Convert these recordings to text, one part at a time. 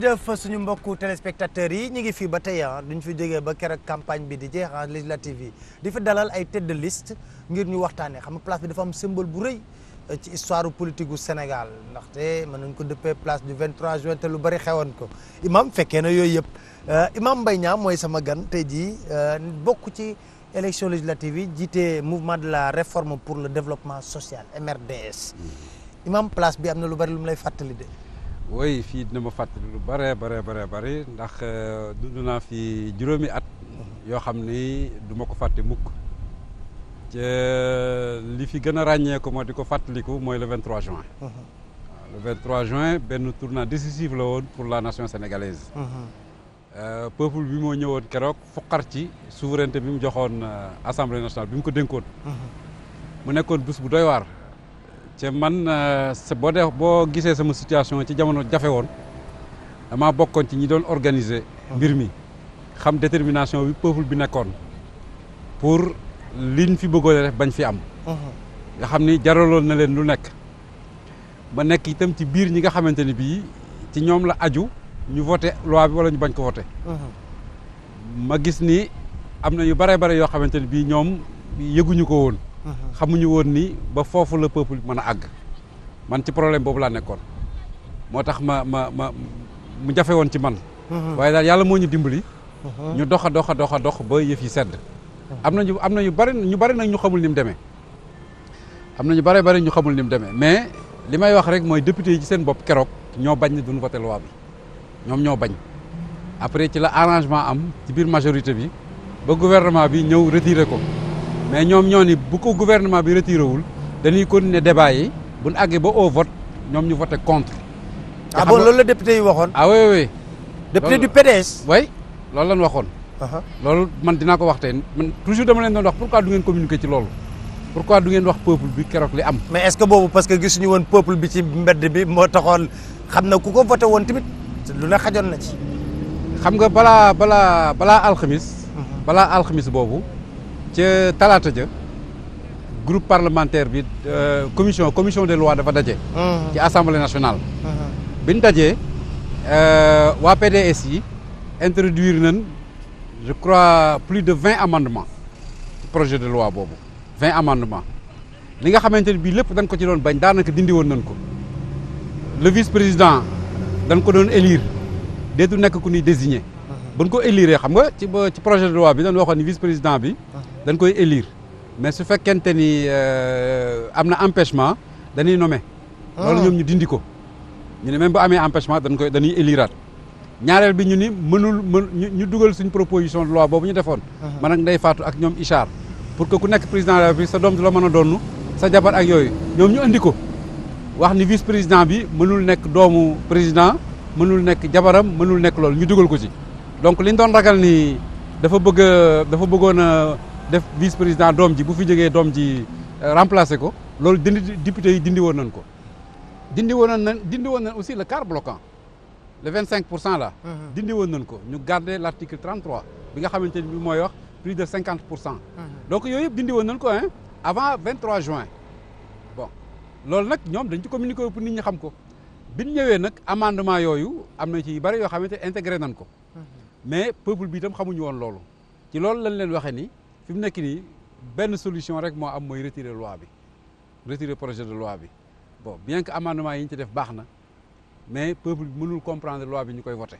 ngeen suñu mbokku téléspectateurs yi ñu ngi fii ba tey ah duñ fi jógee ba keroog campagne bi di jeex ah législative yi di fi dalal ay tête de ngir ñu waxtaanee xam nga place bi dafa am symbole bu rëy euh, ci histoire politique gu Sénégal ndaxte mën nañ ko dëppee place du 23 juin te lu bari xewoon ko imam fekkee na yooyu yëpp euh, imam Mbaye Niang mooy sama gan tey jii euh, bokk ci élection législative yi jiite mouvement de la réforme pour le développement social MRDS hmm. imam place bi am na lu bari lu lay fàttali de. woy fii dina ma fàttali lu bare bare bare bari ndax euh, dund naa fi juróomi at yoo xam ni duma ko fàtte mukk li fi gën a ràññeeku moo di ko fàttaliku mooy le 23 juin waaw le 23 juin benn tournant décisif la woon pour la nation sénégalaise euh, peuple bi moo ñëwoon keroog foqar ci souveraineté bi mu joxoon euh, assemblée nationale bi mu ko dénkoon mu nekkoon bus bu doy waar ci man euh, boo dee boo gisee sama situation ci jamono jafe woon damaa bokkoon ci ñi doon organiser mbir mi xam détermination bi peuple bi nekkoon pour liñ fi bëggoon bañ fi am nga xam ni jaraloon na leen lu nekk ma nekk itam ci biir ñi nga xamante ni bii ci ñoom la aju ñu voté loi bi ñu bañ ko voté ma gis ni am na ñu bare bare yoo xamante ni bii ñoom yëguñu ko woon Mhm. xamuñu woon nii ba foofu la peuple mën a àgg man ci problème boobu laa nekkoon moo tax ma ma ma mu jafe woon ci man mhm. waaye daal yàlla moo ñu dimbali mhm. ñu dox a dox dox a dox ba yëf yi sedd am nañu am na ñu bari ñu bari nag ñu xamul ni mu demee am na ñu bari bari ñu xamul ni mu demee mais li may wax rek mooy député yi ci seen bopp keroog ñoo bañ ne duñu voté loi bi ñoom ñoo bañ après ci la arrangement am ci biir majorité bi ba gouvernement bi ñëw retiré ko mais ñoom ñoo ni bu ko gouvernement bi retiré wul dañuy continuer débat yi bu yi àggee ba au vote ñoom ñu vote contre. ah bon loolu la député yi waxoon. ah oui oui. député du PDS. oui loolu la ñu waxoon. Uh-huh. loolu man dinaa ko wax tey man toujours dama leen doon wax pourquoi du ngeen communiquer ci loolu. pourquoi du ngeen wax peuple bi keroog li am. mais est-ce que boobu parce que gisuñu woon peuple bi ci mbedd bi moo taxoon xam na ku ko voté woon tamit lu ne xajoon na ci. xam nga balaa balaa balaa alxamis. Mm-hmm. balaa alxamis boobu. ca talaata ja groupe parlementaire bi euh, commission commission des lois dafa daje. ci assemblée nationale. bi daje dajee euh, waa PDS yi introduire nañ je crois plus de vingt amendements projet de loi boobu vingt amendements li nga xamante ne bii lépp dañ ko ci doon bañ daanaka dindi woon nañ ko le vice président dañ ko doon élire déetu nekk ku ñuy désigné. ba ko élire xam nga ci ci projet de loi bi dañ waxoon ni vice président bi. dañ koy élire mais su fekkente ni euh, am na empêchement dañuy nommer. Ah. loolu ñoom ñu dindi ko ñu ne même bu amee empêchement dañ koy dañuy éliraat ñaareel bi ñu ni mënul mën ñu dugal suñ proposition de loi boobu ñu defoon. Ah. man ak Ndeye Fatou ak ñoom Ichar pour que ku nekk président de la République sa doom du la mën a doonu sa jabar ak yooyu ñoom ñu andi ko wax ni vice président bi mënul nekk doomu président mënul nekk jabaram mënul nekk loolu ñu dugal ko si donc liñ doon ragal ni dafa bëgg dafa bëggoon a. def vice président doom ji bu fi jegee doom ji euh, remplacé ko loolu dindi député yi dindi woon nañ ko dindi woon nañ dindi woon nañ aussi le quart bloquant le 25 pour cent la mhm. dindi woon nañ ko ñu garder l' article 33 bi nga xamante ni bii mooy wax plus de pour cent. Mhm. donc yooyu yëpp dindi woon nañ ko hein avant 23 juin bon loolu nag ñoom dañ ci communiqué pour nit ñi xam ko bi ñu ñëwee nag amendement yooyu am na ci yu bëri yoo xamante intégré nan ko mhm. mais peuple bi itam xamuñu woon loolu ci loolu lañ leen waxee ni. fi mu nekk nii benn solution rek moo am mooy retirer loi bi retirer projet de loi bi bon bien que amendement yi ñu ci def baax na mais peuple bi mënul comprendre loi bi ñu koy voté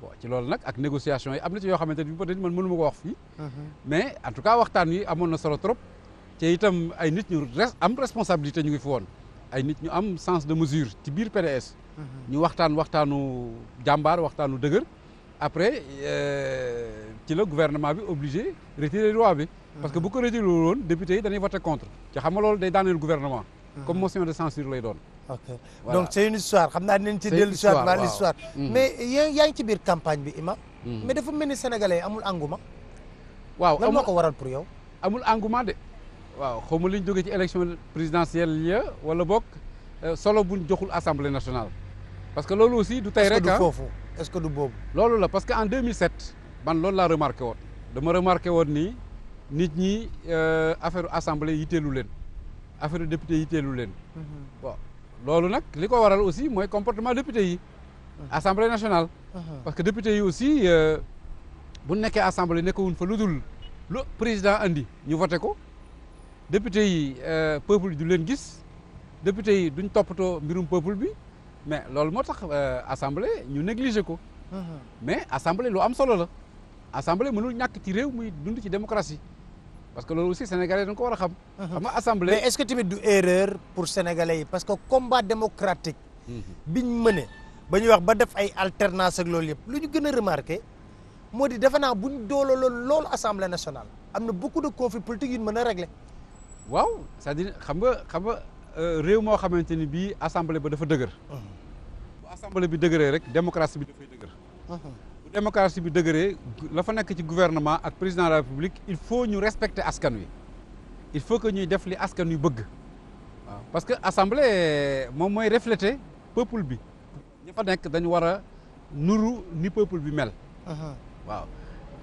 bon ci loolu nag ak négociation yi am na ci yoo xamante ni peut-être man ko wax fii. Mhm. mais en cas waxtaan wi amoon na solo trop. te itam ay nit ñu am responsabilité ñu ngi fi woon ay nit ñu am sens de mesure ci biir PDS. Mhm. ñu waxtaan waxtaanu jàmbaar waxtaanu dëgër après. Euh, ci la gouvernement bi obligé retirer loi bi. parce que bu ko retiré woon député yi dañuy voté contre. ci xam nga loolu day daaneel gouvernement. comme motion de censure lay doon. donc c' une histoire xam naa dinañ ci dellu si mm-hmm. mais yaa ngi ci biir campagne bi Imam mm-hmm. mais dafa mel ni sénégalais amul engouement. waaw lan moo ko waral pour yow. amul engouement de. waaw xaw ma li ñu jógee ci élection présidentielle ya wala bok euh, solo buñ joxul assemblée nationale. parce que loolu aussi du tey rek ah. est ce loolu la parce que en 2007. man loolu la remarqué woon dama remarqué woon ni nit ñi euh, affaire assemblée yitteelu leen affaire député yitteelu leen. Mm-hmm. bon loolu nag li ko waral aussi mooy comportement député yi. Mm-hmm. assemblée national mm-hmm. parce que député yi aussi euh, bu nekkee assemblée nekkawuñ fa lu dul lu président andi ñu vote ko député yi euh, peuple du leen gis député yi duñ toppatoo mbirum peuple bi mais loolu moo tax assemblée ñu négligé ko. mais assemblée lu am solo la. assemblée mënul ñàkk ci réew muy dund ci démocratie parce que lool aussi sénégalais dañ ko war a xam. Uh-huh. xam nga assemblée mais est-ce que tamit du erreur pour sénégalais yi parce que combat démocratique. Mm-hmm. biñ mëne ba ñuy wax ba def ay alternance lool loolu yëpp lu ñu gën a remarqué moo di defe naa buñ dooloo loolu loolu assemblée nationale am na beaucoup de conflits politiques yu ñu mën a régler. waaw c'est-à-dire xam nga xam nga euh, réew moo xamante ni bii assemblée ba dafa dëgër. Uh-huh. bu assemblée bi dëgëree rek démocratie bi dafay démocratie bi dëgëree la fa nekk ci gouvernement ak président de la république il faut ñu respecter askan wi il faut que ñuy def li askan yu bëgg waaw parce que assemblée moom mooy refléter peuple bi ñi fa nekk dañu war a nuru ni peuple bi mel. waaw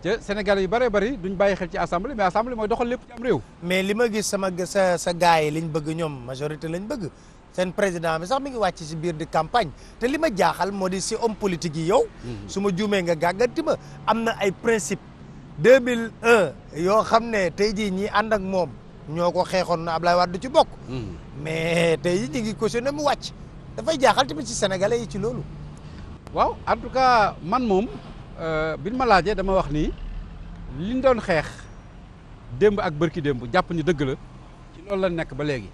te Sénégal yu bëree bëri ñu bàyyi xel ci assemblée mais assemblée mooy doxal lépp ci am réew. mais li ma gis sama sa sa gars yi liñ bëgg ñoom majorité lañ bëgg. seen président bi sax mi ngi wàcc si biir di campagne te li ma jaaxal moo di si homme politique yi yow. Mhm. su ma juumee nga gàgganti ma am na ay principe 2001 yoo xam ne tey jii ñi ànd ak moom ñoo ko xeexoon na Ablaye Wade du ci bokk. Mhm. mais tey jii ñu ngi cautionné mu wàcc dafay jaaxal tamit si sénégalais yi ci loolu. waaw en tout man moom euh, bi ma laajee dama wax ni liñ doon xeex démb ak bërki démb jàpp ni dëgg la ci loolu la nekk ba léegi.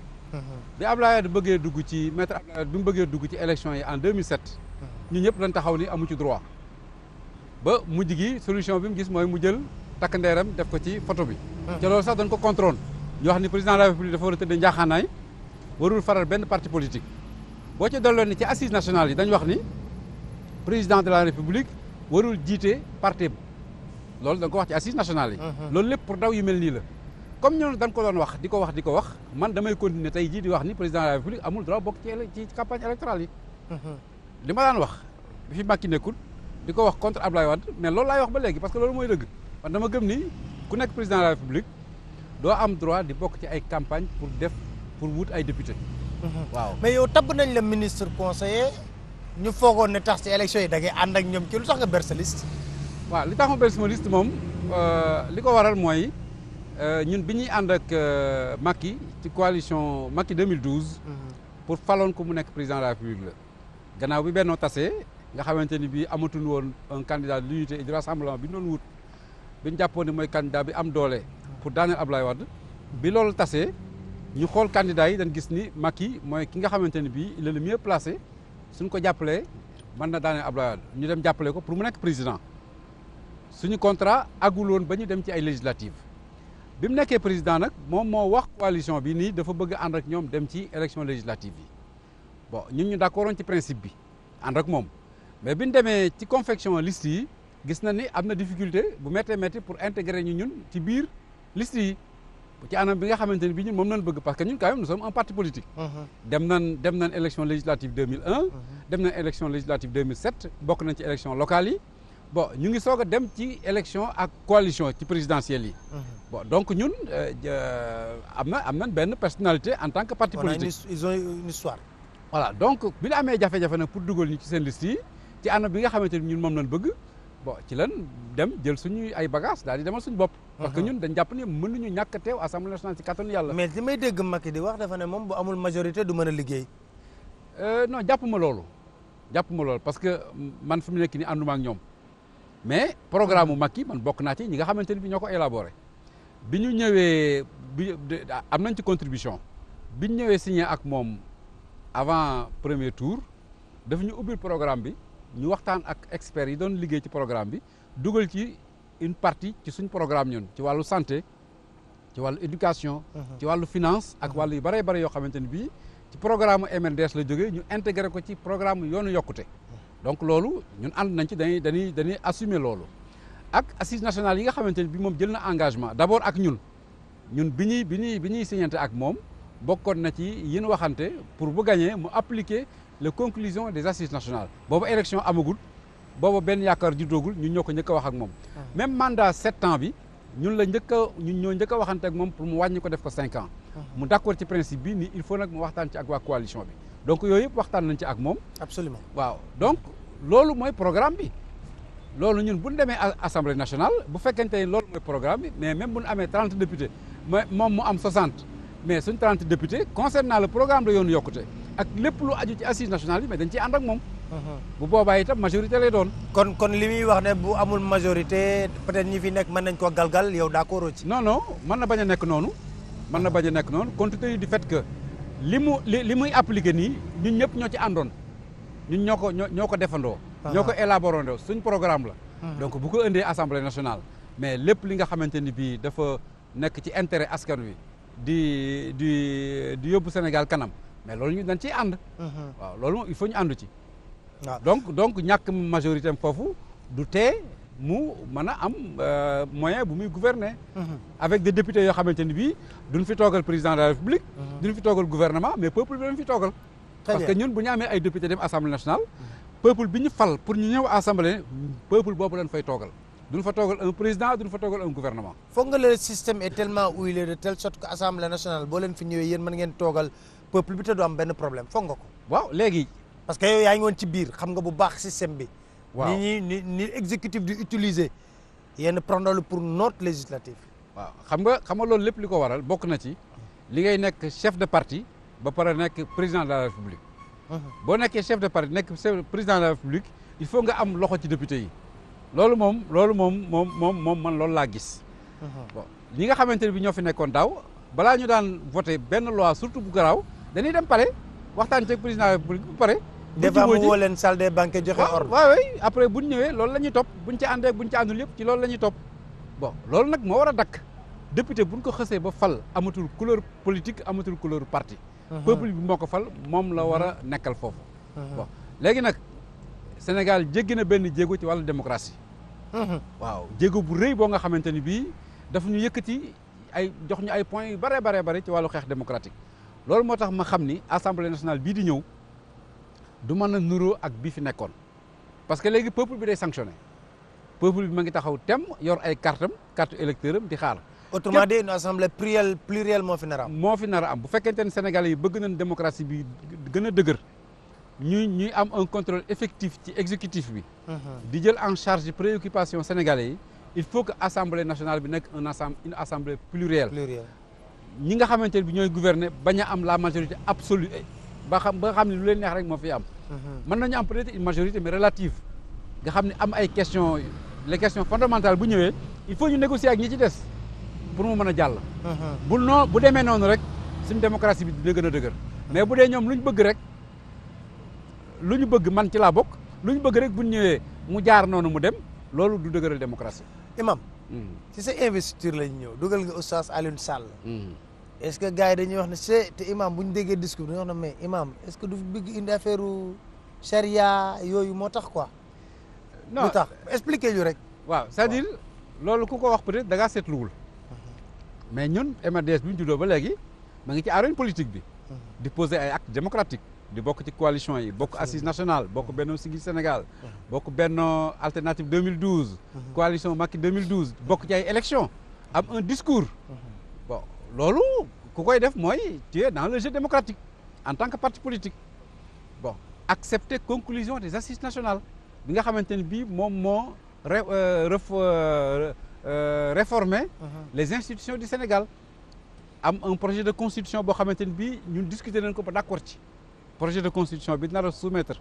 bi Abdoulaye Wade bëggee dugg ci maître Abdoulaye Wade bi mu bëggee dugg ci élection yi en 2007. ñu ñëpp dañ taxaw ni amu ci droit ba mujj gi solution bi mu gis mooy mu jël takk ndeeram def ko ci photo bi. ca loolu sax dañ ko contrôle ñu wax ni président de la république dafa war a tëddee njaaxaanaay warul faral benn parti politique. boo ci dolloon ni ci assises nationales yi dañ wax ni président de la république warul jiite parti lool da ko wax ci assises nationales yi. loolu lépp pour daw yu mel nii la. comme ñooñu dañ ko doon wax di ko wax di ko wax man damay continuer tey jii di wax ni président de la république amul droit bokk ci ci campagne électorale yi. Mhm. li ma daan wax bi fi Macky nekkul di ko wax contre Ablaye Wade mais loolu laay wax ba léegi parce que loolu mooy dëgg man dama gëm ni ku nekk président de la république doo am droit di bokk ci ay campagne pour def pour wut ay député. Mhm. waaw mais yow tabb nañ la ministre conseiller ñu foogoon ne tax ci élection yi da ngay ànd ak ñoom ci lu tax nga waaw li tax ma berse ma liste moom euh, li ko waral mooy. Euh, ñun bi ñuy ànd ak euh, Macky ci coalition Macky 2012. Mhm. pour faloon ko mu nekk président de la République la. gannaaw bi bennoo tasee nga xamante ni bii amatuñu woon un candidat de l'unité et du bi ñu doon wut bi ñu jàppoon ni mooy candidat bi am doole. pour daaneel Abdoulaye Wade. bi loolu tasee ñu xool candidat yi dañ gis ni Macky mooy ki nga xamante ni bii il est le mieux placé suñ ko jàppalee mën na daaneel Abdoulaye Wade ñu dem jàppale ko pour mu nekk président suñu contrat agul ba ñu dem ci ay législatives. bi mu nekkee président nag moom moo wax coalition bi nii dafa bëgg ànd ak ñoom dem ci élection législative yi bon ñun ñu d'accordoon ci principe bi ànd ak moom mais bi ñu demee ci confection list yi gis na ni am na difficulté bu méttee métti pour intégrer ñu ñun ci biir liste yi ci anam bi nga xamante ne bi ñun moom lañ bëgg parce que ñun quand même nous sommes un politique. Mhm. dem nañ élection législative mhm. dem nañ élection législative bokk nañ ci élection bon ñu ngi soog a dem ci élection ak coalition ci présidentielle yi. Mhm. bon donc ñun euh, am na am nañ benn personnalité en tan que parti politique. ils ont une histoire. voilà donc bi ñu amee jafe-jafe nag pour dugal ñu ci seen liste yi ci anam bi nga xamante ni ñun moom lan bëgg bon ci lan dem jël suñu ay bagages daal di demal suñu bopp. parce que mhm. ñun dañ jàpp ne mënuñu ñàkk a teew assemblée nationale ci kattanu yàlla. mais li may dégg Macky di wax dafa ne moom bu amul majorité du mën a liggéey. Euh, non jàpp ma loolu jàpp ma loolu parce que man fi mu nekk nii ànduma ak ñoom. mais programme mu Macky man bokk naa ci ñi nga xamante ni bi ñoo ko élaboré bi ñu ñëwee bi am nañ ci contribution bi ñu ñëwee signé ak moom avant premier tour daf ñu ubbil programme bi ñu waxtaan ak experts yi doon liggéey ci programme bi dugal ci une partie ci suñ programme ñun ci wàllu santé ci wàllu éducation mhm. ci wàllu finance ak wàllu yu bëree bëri yoo xamante ni bii ci programme MNDS la jógee ñu intégré ko ci programme yoonu yokkute donc loolu ñun ànd nañ ci dañuy dañuy dañuy assumer loolu ak assises national yi nga xamante ni bi moom jël na engagement d' abord ak ñun ñun bi ñuy bi ñuy bi ñuy signante ak moom bokkoon na ci yin waxante pour bu gagné mu appliquer les conclusions des assises nationales boobu élection amagul booba benn yaakaar juddoogul ñun ñoo ko njëkk a wax ak moom ah. même mandat sept ans bi ñun la njëkk a ñun ñoo njëkk a waxante moom pour mu wàññi ko def ko cinq ans ah. mu d' accord ci principe bi ni il faut nag mu waxtaan ci ak waa coalition bi donc yooyu yëpp waxtaan nañ ci ak moom. absolument waaw donc loolu mooy programme bi. loolu ñun bu ñu demee assemblée nationale bu fekkente ne loolu mooy programme bi mais même bu ñu amee trente députés mais moom mu am soixante mais suñ trente députés concernant la programme de yoonu yokkute ak lépp lu aju ci assise nationale yi mais dañ ci ànd ak moom. Mm-hmm. bu boobaa itam majorité lee doon. kon kon li muy wax ne bu amul majorité peut-être ñi fi nekk mën nañ koo galgal yow d'accord ci. non non mën na bañ a nekk noonu. mën na bañ nekk noonu compte tenu du fait li mu li li muy appliqué nii ñun ñëpp ñoo ci àndoon ñun ñoo ko ñoo ko defandoo. Ah. ñoo ko élaborandoo suñ programme la. Hmm. donc bu ko indee assemblée nationale. mais lépp li nga xamante ni bii dafa nekk ci intérêt askan wi di di di yóbbu Sénégal kanam mais loolu ñu dañ ciy ànd. Hmm. waaw loolu il faut ñu ànd ci. Ah. donc donc ñàkk majorité foofu du tee. mu mën a am euh, moyen bu muy gouverner. Mhm. avec des députés yoo xamante ni bii duñ fi toogal président de la république. Mhm. duñ fi toogal gouvernement mais peuple bi lañ fi toogal. parce que ñun bu ñu amee peuple ñu pour ñu ñëw assemblée peuple boobu lañ fay toogal. duñ fa toogal un président fa toogal un gouvernement. foog nga le système est tellement huilé de telle sorte que assemblée nationale boo leen fi ñëwee yéen mën ngeen toogal peuple bi te du am benn problème foog nga ko. waaw léegi. parce que yow yaa ngi woon ci biir xam ga bu baax système bi. waaw ni ñuy ni exécutif di utiliser yenn la pour notre législatif. waaw xam nga xam nga loolu lépp li ko waral bokk na ci li ngay nekk chef de parti ba pare nekk président de la république. boo nekkee chef de parti nekk président de la république il faut nga am loxo ci député yi. loolu moom loolu moom moom moom moom man loolu laa gis. bon ñi nga xamante ne bi ñoo fi nekkoon daaw balaa ñu daan voté benn loi surtout bu garaaw dañuy dem pare waxtaan ci président de la république dafa am woo leen salle des banques joxe ordre waaw waaw après buñ ñëwee loolu la ñuy topp buñ ci àndee buñ ci àndul yëpp ci loolu la topp bon loolu nag moo war a dakk député buñ ko xësee ba fal amatul couleur politique amatul couleur parti uh-huh. peuple bi moo ko fal moom la war a uh-huh. nekkal foofu uh-huh. bon léegi nag Sénégal jéggi na benn jéego ci wàllu démocratie waaw jéego bu rëy boo nga xamante ni bii daf ñu yëkkati ay jox ñu ay points yu bare bare bare ci wàllu xeex démocratique loolu moo tax ma xam ni assemblée nationale bii di ñëw du mën a nuroo ak bi fi nekkoon parce que léegi peuple bi day sanctionné peuple bi ma ngi taxaw tem yor ay carte am carte électeur di xaar. autrement dit une assemblée plurielle plurielle moo fi nar am. moo fi nar am bu fekkente ne Sénégalais yi bëgg na nañ démocratie bi gën a dëgër ñuy ñuy am un contrôle effectif ci exécutif bi. Mhm. di jël en charge préoccupation sénégalais yi il faut que assemblée nationale bi nekk un assemb une assemblée plurielle. plurielle ñi nga xamante ne bi ñooy gouverner bañ a am la majorité absolue. ba xam ba xam ne lu leen neex rek moo fi am. Mhm. mën nañu am peut te une majorité mais relative ga xam ne am ay questions les questions fondamentales bu ñëwee il faut ñu négocier ak ñu ci des pour mu mën a jàll. Mhm. bu noo bu demee noonu rek suñu démocratie bi dina gën a dëgër. mais bu dee ñoom lu ñu bëgg rek lu ñu bëgg man ci laa bokk lu ñu bëgg rek bu ñëwee mu jaar noonu mu dem loolu du dëgëral démocratie. imam hmm. ci sa investiture lañ ñëw dugal nga oustaz Alioune Sall. Hmm. est ce que gars yi dañuy wax ne c'est te imam bu ñu déggee discours dañuy wax ne mais imam est ce que du bëgg indi affaire yooyu moo tax quoi. non lu tax expliquer ñu rek. waaw cest à loolu ku ko wax peut être da ngaa seetluwul. Mhm. mais ñun MRDS bi ñu juddoo ba léegi ma ngi ci arène politique bi. Mhm. di poser ay actes démocratiques. di bokk ci coalition yi bokk assise national bokk mhm. Benno Siggil Sénégal. bokk Benno alternative 2012. coalition Macky 2012 bokk ci ay élections am un discours. loolu ku koy def mooy tu dans le jeu démocratique en tant que parti politique bon accepter conclusion des assises nationales bi nga xamante ne bii moom moo euh, euh, euh, réformer uh-huh. les institutions du Sénégal am un projet de constitution boo xamante ne bii ñun discuter nañ ko ba d'accord ci projet de constitution bi nar a soumettre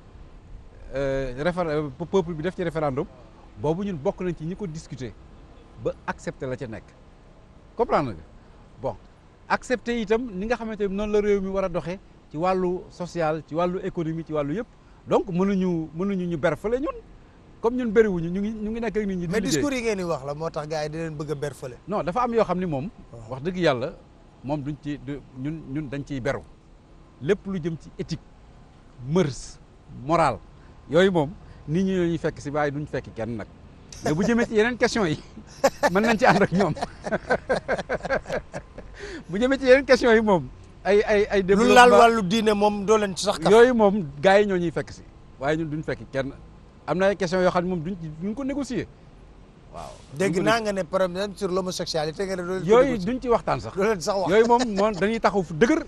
réfé peuple bi def ci référendum boobu ñun bokk nañ ci ñu ko discuter ba accepter la ca nekk comprendre bon accepté itam ni nga xamante ni noonu la réew mi war a doxee ci wàllu social ci wàllu économie ci wàllu yëpp donc mënuñu mënuñu ñu berfale ñun comme ñun bëriwuñu ñu ngi ñu ngi nekk ak ñi. mais discours yi ngeen di wax la moo tax gars yi di leen bëgg a berfale. non dafa am yoo xam ni moom. wax dëgg yàlla moom duñ ci ñun ñun dañ ciy beru lépp lu jëm ci éthique mœurs morale yooyu moom nit ñi ñuy fekk si waaye duñ fekk kenn nag. mais bu jëmee ci yeneen question yi man nañ ci ànd ak ñoom bu jëmee ci yeneen question yi moom ay ay ay développement lu laal wàllu diine moom doo leen ci sax yooyu moom gars yi ñoo ñuy fekk si waaye ñun duñ fekk kenn am na ay question yoo xam ne moom duñ duñ ko négocier waaw dégg naa nga ne problème sur l'homosexualité nga ne yooyu duñ ci waxtaan sax doo leen sax wax yooyu moom dañuy taxaw fu dëgër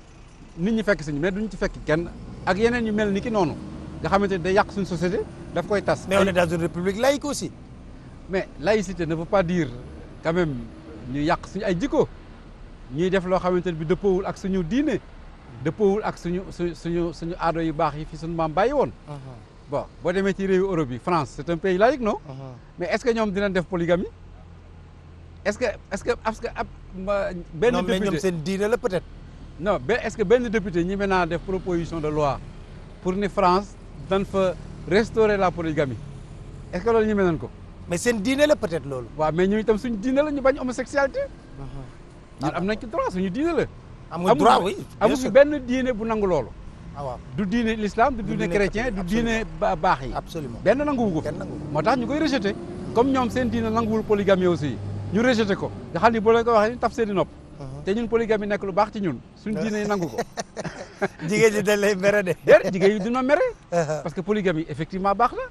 nit ñi fekk si mais duñ ci fekk kenn ak yeneen yu mel ni ki noonu nga xamante ne day yàq suñu société daf koy tas mais on est dans une république laïque aussi mais laïcité ne veut pas dire quand ñu yàq suñu ay jikko ñuy def loo xamante ne bi dëppoowul ak suñu diine dëppoowul ak suñu suñu suñu suñu aado yu baax yi fi suñu maam bàyyi woon uh-huh. bon boo demee ci réewu Europe yi France c'est un pays laïque non uh-huh. mais es ce que ñoom dinañ def polygamie est-ce que est-ce que parce que ab benn député non seen diine la peut-être non ba est-ce que benn député ñi mën naa def proposition de loi pour ni France dañ fa restaurer la polygamie est-ce que loolu ñu mën nañ ko mais seen diine la peut-être loolu. waaw mais ñun itam suñu diine la ñu bañ homosexualité. Uh-huh. ñun am nañ droit suñu diine la. am nga droit amu fi benn diine bu nangu loolu. ah waaw du diine l'islam du diine chrétien du diine baax benn nanguwu ko fi moo tax ñu koy rejeté. comme ñoom seen diine nanguwul polygamie aussi ñu rejeté ko nga xam ni boo leen ko waxee ñu taf seen i nopp. Uh-huh. te ñun polygamie nekk lu baax ci ñun suñu diine nangu ko. jigéen ñi dañ lay mere de. Uh-huh. parce que polygamie effectivement baax na.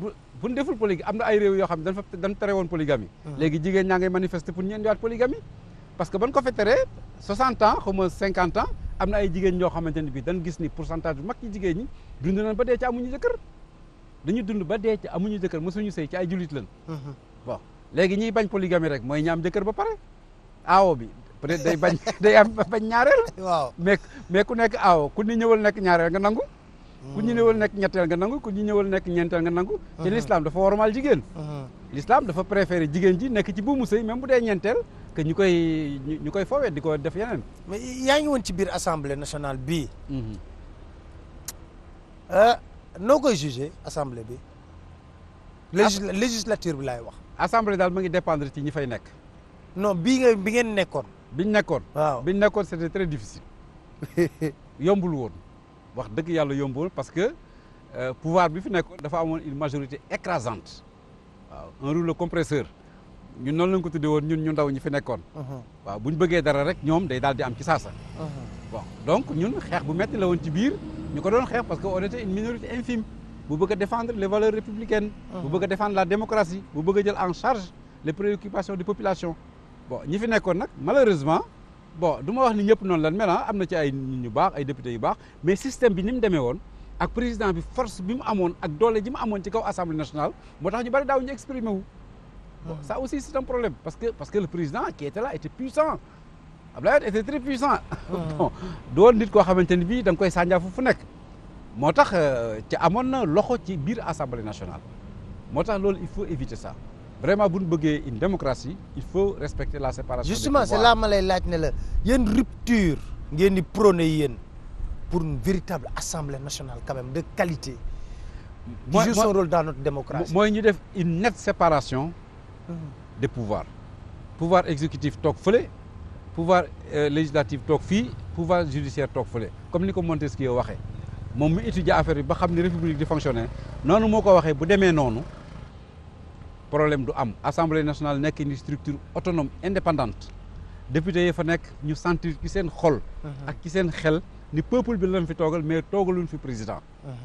bu bu ñu deful polygamie am na ay réew yoo xam ne dañ fa dañ tere woon polygamie ah. léegi jigéen ñaa ngay manifester pour ñu indiwaat polygamie parce que ban ko fa teree 60 ans xaw ma ans am na ay jigéen ñoo xamante ne bii dan gis ni pourcentage bu mag ci jigéen ñi dund nañ ba dee ci amuñu jëkkër dañu dund ba dee ci amuñu jëkkër mosuñu sëy ci ay jullit lañ uh-huh. bon léegi ñiy bañ polygamie rek mooy ñaam jëkkër ba pare aawo bi day bañ day am bañ ñaareel waaw mais mais ku nekk aawo ku ni ñëwal nekk ñaareel nga nangu ku ñu ñëwal nekk ñetteel nga nangu ku ñu ñëwal nekk ñeenteel nga nangu te uh-huh. l'islam dafa warmal jigéen uh-huh. l'islam dafa préféré jigéen ji nekk ci bu mu sëy même bu dee ñeenteel que ñu koy ñu koy foowee di ko def yeneen mais yaa ngi woon ci biir assemblée nationale bii mm-hmm. ah, noo koy jugé assemblée bi législature bi laay wax assemblée daal ma ngi dépendre ci ñi fay nekk non bii nga bi ngeen nekkoon biñ nekkoon waaw biñ nekkoon c'était très difficile yombul woon wax dëgg yàlla yombul parce que euh, pouvoir bi fi nekkoon dafa amoon une majorité écrasante waaw un rouleau compresseur ñun noonu lañ ko tuddee woon ñun ñu ndaw ñi fi nekkoon. Uh-huh. waaw bu ñu bëggee dara rek ñoom day daal di am ci saasa. Uh-huh. bon donc ñun xeex bu metti la woon ci biir ñu ko doon xeex parce que on était une minorité infime bu bëgg a défendre les valeurs républicaines. bu bëgg a uh-huh. défendre la démocratie bu bëgg a jël en charge le préoccupations des population bon ñi fi nekkoon nag malheureusement. bon du ma wax ni ñëpp noonu lan mel am na ci ay nit ñu baax ay député yu baax mais système bi ni mu demee woon ak président bi force bi mu amoon ak doole ji amoon ci kaw assemblée nationale moo tax ñu bari daaw ñu exprimer wu. bon ça aussi c' un problème parce que parce que le président qui était là était puissant Abdoulaye Wade était très puissant. Ah. bon nit koo xamante ni bii da koy sànjaa fu nekk. moo tax ci euh, amoon na loxo ci biir assemblée nationale moo tax loolu il faut éviter ça. vraiment bu ñu bëggee une démocratie il faut respecter la séparation justement c'est là ma laaj ne la yéen rupture ngeen di prôné yéen pour une véritable assemblée nationale de qualité qui joue son rôle mooy ñu def une nette séparation des pouvoirs pouvoir exécutif toog fële pouvoir euh, législatif toog fii pouvoir judiciaire toog fële comme ni ko Montesquieu waxe moom mu étudier affaire bi ba xam ne république di fonctionner noonu moo ko waxee bu demee noonu problème du am assemblée nationale nekk une structure autonome indépendante député yi fa nekk ñu sentir ci seen xol. Uh-huh. ak ki seen xel ni peuple bi lañ fi toogal mais toogaluñ fi président. Uh-huh.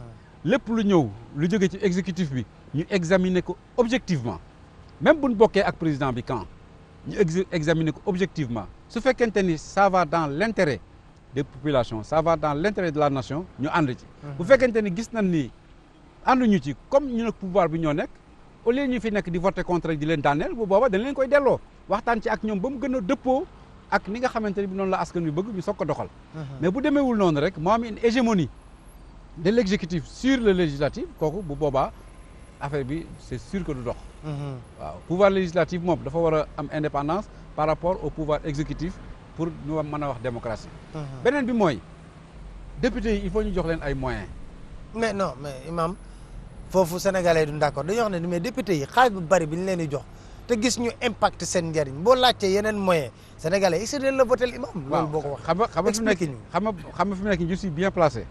lépp lu ñëw lu jóge ci exécutif bi ñu examiner ko objectivement même buñ bokkee ak président bi quand ñu examiner ko objectivement su fekkente ni ça va dans l' intérêt des populations ça va dans l' de la nation ñu ànd ci. Uh-huh. bu fekkente ni gis nañ ni ànduñu ci comme ñu bi ñoo nekk. au lieu ñu fi nekk di voter contre di leen daaneel bu booba dañ leen koy delloo waxtaan ci ak ñoom ba mu gën a dëppoo ak ni nga xamante ne bi noonu la askan wi bëgg ñu soog ko doxal. Uh-huh. mais bu demeewul noonu rek moo am une hégémonie de l' sur le législatif kooku bu boobaa affaire bi c' est sûr que du dox. Uh-huh. waaw pouvoir législatif moom dafa war a am indépendance par rapport au pouvoir exécutif pour ñu mën a wax démocratie. Uh-huh. beneen bi mooy député yi il faut ñu jox leen ay moyens. mais non foofu sénégalais yi duñ d'accord dañoo wax ne mais député yi xaalis bu bari bi ñu leen di jox te gis ñu impact seen njariñ boo laajtee yeneen moyen sénégalais est-ce que dañ la votel imam loolu boo ko wax xam nga xam nga nekk xam xam nga fi mu nekk je suis bien placé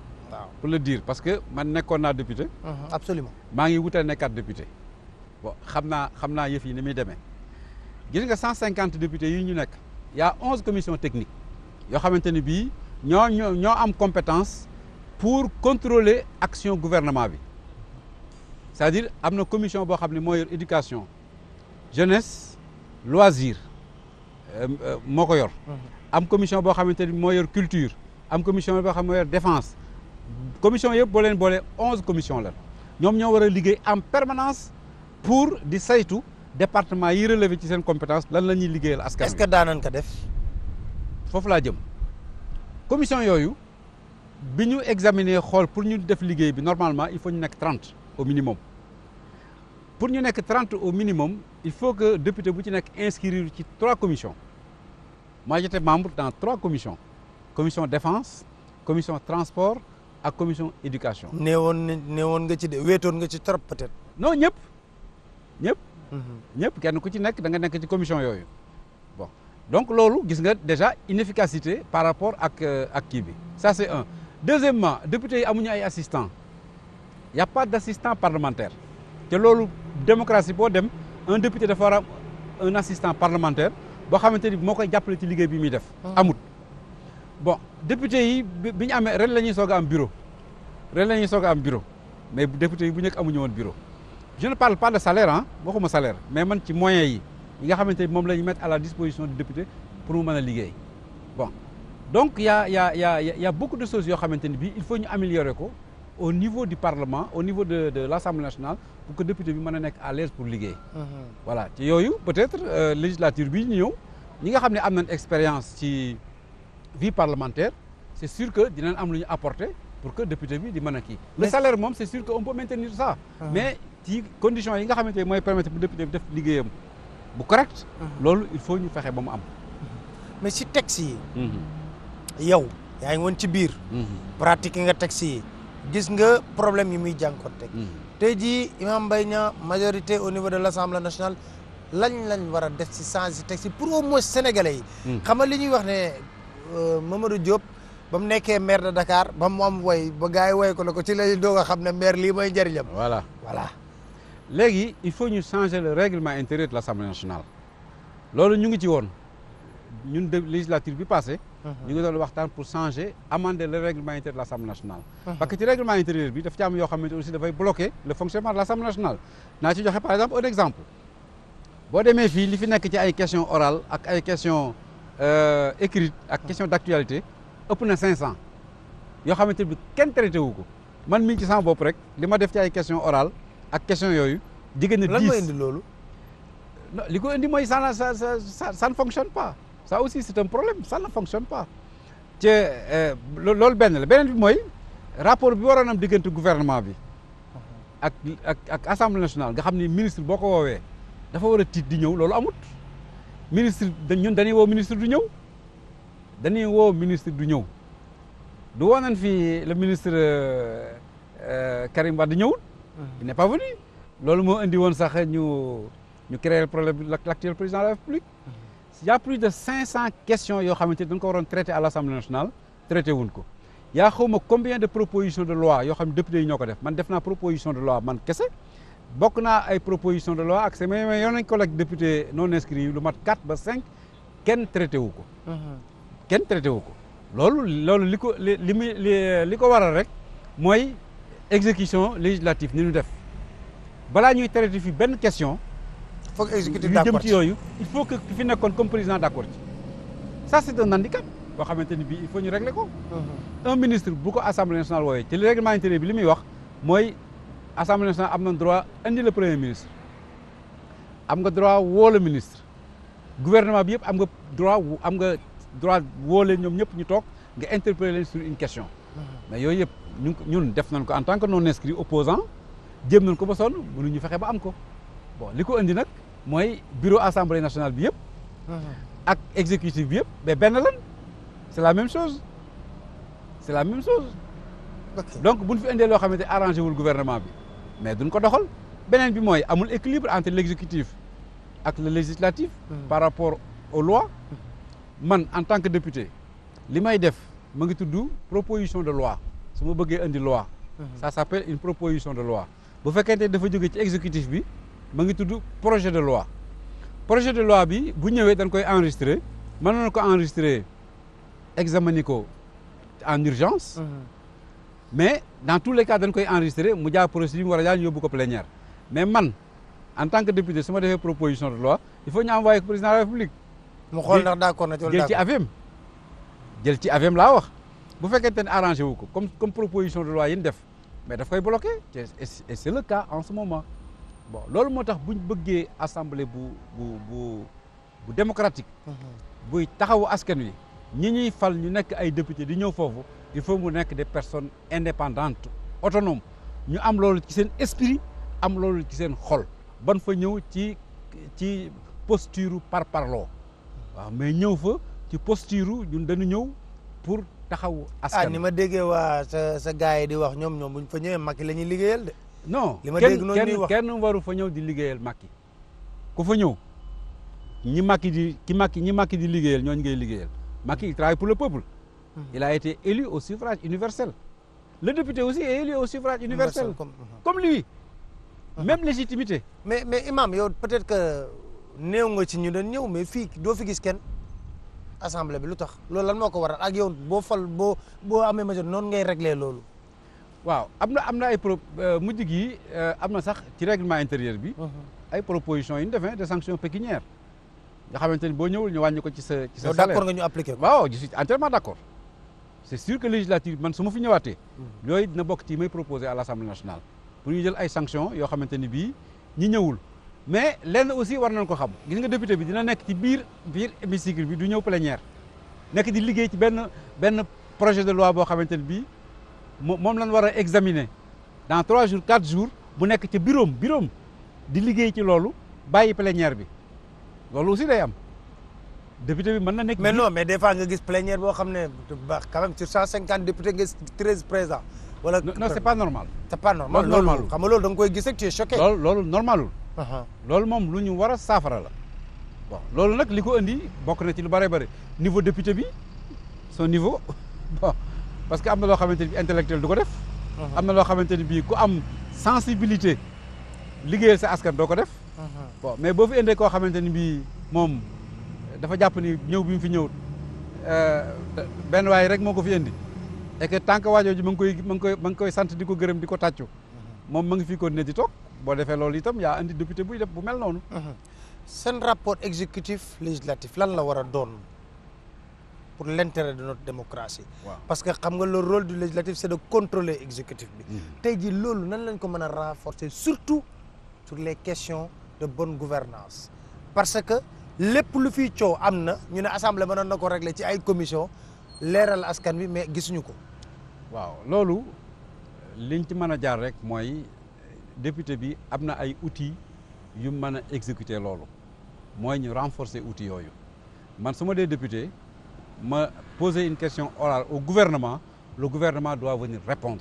pour le dire parce que man nekkoon naa député mhm, absolument maa ngi wutee nekkaat député bon xam naa xam naa yëf yi ni muy demee gis nga cent cinquante députés yi ñu nekk y a onze commissions techniques yoo xamante ni bii ñoo ñoo ñoo am compétence pour contrôler action gouvernement bi c'est-à-dire am na commission boo xam ne moo yor éducation jeunesse loisir euh, euh, moo ko yor. Mhm. am commission boo xamante ni moo yor culture am commission boo xam ne moo yor défense commission yëpp boo leen boolee onze commission la ñoom ñoo war a liggéey am permanence pour di saytu département yi relevé ci seen compétence lan la ñuy liggéeyal aska wi. est-ce daanan ko def. foofu laa jëm commission yooyu bi ñu examiner xool pour ñu def liggéey bi normalement il faut ñu nekk trente au pour ñu nekk trente au minimum il faut que député bu ci nekk inscrire ci trois commissions moi j'étais membre dans trois commissions commission défense commission transport ak commission éducation. nee woon nee woon nga ci de wéetoon nga ci trop peut-être. non ñëpp ñëpp. Mhm. ñëpp kenn ku ci nekk da nga nekk ci commission yooyu bon donc loolu gis nga déjà inefficacité par rapport ak euh, ak kii bi ça c'est un deuxièmement député yi amuñu ay assistants il y a pas d'assistant parlementaire. te loolu démocratie boo dem un député dafa war a un assistant parlementaire boo xamante ni moo koy jàppale ci liggéey bi muy def. Mm. amut bon député yi bi ñu amee ren la ñuy soog am bureau ren la ñuy soog a am bureau mais député yi bu njëkk amuñu woon bureau. je ne parle pas de salaire ah waxuma salaire mais man ci moyen yi yi nga xamante ni moom la ñu mettre à la disposition de député pour mu mën a liggéey bon donc y' a y' a y' a de choses yoo xamante ni bii il faut ñu ko au niveau du parlement au niveau de de l' assemblée nationale. pour que député bi mën a nekk à l'aise pour liggéey. Mhm. voilà ci yooyu peut-être euh, législature bi ñu ñëw ñi nga xam ne am nañ expérience ci vie parlementaire c'est sûr que dinañ am lu ñu apporter pour que député bi di mën a kii. le salaire moom c'est sûr que on peut maintenir ça. Mhm. mais ci conditions yi nga xamante ne mooy permettre pour député bi def liggéeyam bu correct. Mhm. loolu il faut ñu fexe ba mu am. mais si texte yi. yow yaa ngi ci biir. pratique nga texte yi. gis nga problème yi muy jànkoonte. tey jii Imam Mbaye Niang majorité au niveau de l' assemblée nationale lañ lañ war a def si change teg si pour au moins sénégalais yi. Hmm. xam nga li ñuy wax ne euh, Mamadou Diop. ba mu nekkee maire de Dakar ba mu am way ba gars yi way ko la ko ci la doog a xam ne maire lii mooy njëriñam. voilà voilà. léegi il faut ñu changer le règlement intérieur de l' nationale. loolu ñu ngi ci woon ñun de législature bi passé Mhm. ñu ngi doon waxtaan pour changer amender le règlement intérieur de l'Assemblée nationale mhm. parce que ci règlement intérieur bi dafa ci am yoo xamante aussi dafay bloquer le fonctionnement de l'Assemblée boo demee fii li fi nekk ci ay question orale ak ay question euh, écrite ak mhm. question d'actualité ëpp na cinq cent yoo xamante bi kenn traité wu ko man mi ci sama bopp rek li ma def ci ay question oral ak question yooyu jigéen na dix lan moo li ko indi mooy ça ça ça ça ne fonctionne pas ça aussi est un problème ça ne fonctionne pas te euh, loolu benn la beneen bi mooy rapport bi waroon am diggante gouvernement bi ak ak ak assemblée nationale nga xam ni ministre boo ko woowee dafa war a tiit di ñëw loolu amut ministre ñun dañuy woo ministre du ñëw dañuy woo ministre du ñëw du woo nañ fii le ministre euh, euh, Karim Wade di il n'est pas venu. loolu moo indi woon sax ñu ñu créer problème l' actuel président de la République. y' a plus de questions yoo xamante ni dañ ko waroon traité à l' assemblée nationale traité wuñ ko yaa xawma combien de proposition de loi yoo xam ne député yi ñoo ko def man def naa proposition de loi man kese bokk naa ay proposition de loi ak sama yoon nañ collègue député non inscrits yi lu mat 4 ba 5 kenn traité wu ko. Mhm. kenn traité wu ko loolu loolu li ko li li muy li ko waral rek mooy exécution législative ni ñu def balaa ñuy traité fi benn question. faut que exécutif d' accord ci yooyu il faut que fi nekkoon comme président d' accord ci ça c' est un handicap boo xamante ni bii il faut ñu régler ko. Mhm. un ministre bu ko assemblée nationale woowee ci règlement intérieur bi li muy wax mooy assemblée nationale am na droit indi la premier ministre am nga droit woo ministre gouvernement bi yëpp am nga droit am nga droit woo leen ñoom ñëpp ñu toog nga interpeller leen sur une question. Mhm. mais yooy yëpp ñu ñun def nañ ko en tant que non inscrit opposant jéem nañ ko ba sonn mënuñu fexe ba am ko li ko indi nag. mooy bureau assemblée nationale bi yëpp. Uh-huh. ak exécutif bi yëpp mais benn lan c'est la même chose c'est la même chose. Okay. donc buñ fi indee loo xamante arrangé wul gouvernement bi mais duñ ko doxal beneen bi mooy amul équilibre entre l'exécutif ak le législatif. Mmh. par rapport aux lois. Uh-huh. man en tant que député li may def ma ngi tudd proposition de loi su ma bëggee indi loi. ça s'appelle une proposition de loi bu fekkente dafa jóge ci exécutif bi. man ngi tudd projet de loi projet de loi bi bu ñëwee dañ koy enregistrer man na ko enregistrer examiner ko en urgence. Mhm. mais dans tous les cas dañ koy enregistrer mu jaar procédure mu war a jaar ñu yóbbu ko plénière mais man en tant que député su ma defee proposition de loi il faut ñu envoyer ko président la république. mu xool na ci jël ci avem jël ci avem laa wax bu fekkente ne arrangé wu ko comme comme proposition de loi yi ñu def mais daf koy bloqué et c'est le cas en ce bon loolu moo tax buñ bëggee assemblée bu bu bu bu démocratique mhm. buy taxawu askan wi ñi ñuy fal ñu nekk ay député di ñëw foofu il faut mu nekk des personnes indépendante autonomes ñu am loolu ci seen esprit am loolu ci seen xol ban fa ñëw ci ci posture par parloo waaw mais ñëw fa ci posture ñun dañu ñëw pour taxawu askan ah, ni ma déggee waa sa sa gars yi di wax ñoom ñoom buñ fa ñëwee Macky la ñuy liggéeyal de non li ma dégg noonu ñuy wax kenn waru fo ñëw di liggéeyal Macky ko fa ñëw ñi Macky di ki Macky ñi Macky di liggéeyal ñooñu ngay liggéeyal Macky il travaille pour le peuple mhm. il a été élu au suffrage universel le député aussi est élu au suffrage universel comme, mhm. comme lui mhm. même légitimité mais mais imam yow peut-être que néew nga ci ñu doon ñëw mais fii doo fi gis kenn assemblée bi lu tax loolu lan moo ko waral ak yow boo fal boo boo amee majorité noonu ngay réglé loolu waaw am na am na ay pro euh, mujj gi euh, am na sax ci règlement intérieur bi. Uh-huh. ay proposition yu ñu defee de sanctions pécuniaires nga xamante ni boo ñëwul ñu wàññi ko ci sa ci sa. salaire d'accord nga ñu appliqué ko. waaw je suis entièrement d'accord c'est sûr que man su ma fi ñëwaatee. Uh-huh. yooyu dina bokk ci may proposer à l'Assemblée nationale pour ñu jël ay sanctions yoo xamante ni bii ñi ñëwul. mais lenn aussi war nañ ko xam gis nga député bi dina nekk ci biir biir hémicycle bi du ñëw plénière nekk di liggéey ci benn benn projet de loi boo xamante ni bii. moom lañ war a examiner dans trois jours quatre jours bu nekk ci bureau bureau di liggéey ci loolu bàyyi plénière bi loolu si day am député bi mën na nekk. mais non mais des fois nga gis plénière boo xam ne baax quand même sur cent cinquante députés nga treize présents. wala non c'est pas normal. c'est normal loolu xam nga loolu da nga koy gis rek tu es choqué. loolu loolu uh-huh. loolu moom lu ñu war a saafara la. bon loolu nag li ko indi bokk na ci lu bëree bëri niveau député bi son niveau bon. parce que am na loo xamante ni bi intellectuel du def uh-huh. am na loo xamante ni bii ku am sensibilité liggéeyal sa askan doo ko def uh-huh. bon mais boo fi indee koo xamante ni bii moom dafa jàpp ni ñëw bi mu fi ñëw euh, benn waay rek moo ko fi indi et que tant que ma ngi koy ma ngi koy ma ngi koy sant di ko gërëm di ko tàccu uh-huh. moom ma ngi fi continuer di toog boo defee loolu itam yaa indi député buy def bu mel noonu seen rapport exécutif législatif lan la war a doon pour l'intérêt de notre démocratie wow. parce que xam nga le rôle du législatif c'est de contrôler exécutif bi hmm. tey jii loolu nan lañ ko mën a renforcer surtout sur les questions de bonne gouvernance parce que lépp lu fii coow am na ñu ne assemblée mënoon na ko régler ci ay commission leeral askan bi mais gisuñu ko waaw loolu liñ ci mën a jaar rek mooy député bi am na ay outils yu mën a exécuter loolu mooy ñu renforcer outils yooyu man su ma dee député ma poser une question orale au gouvernement le gouvernement doit venir répondre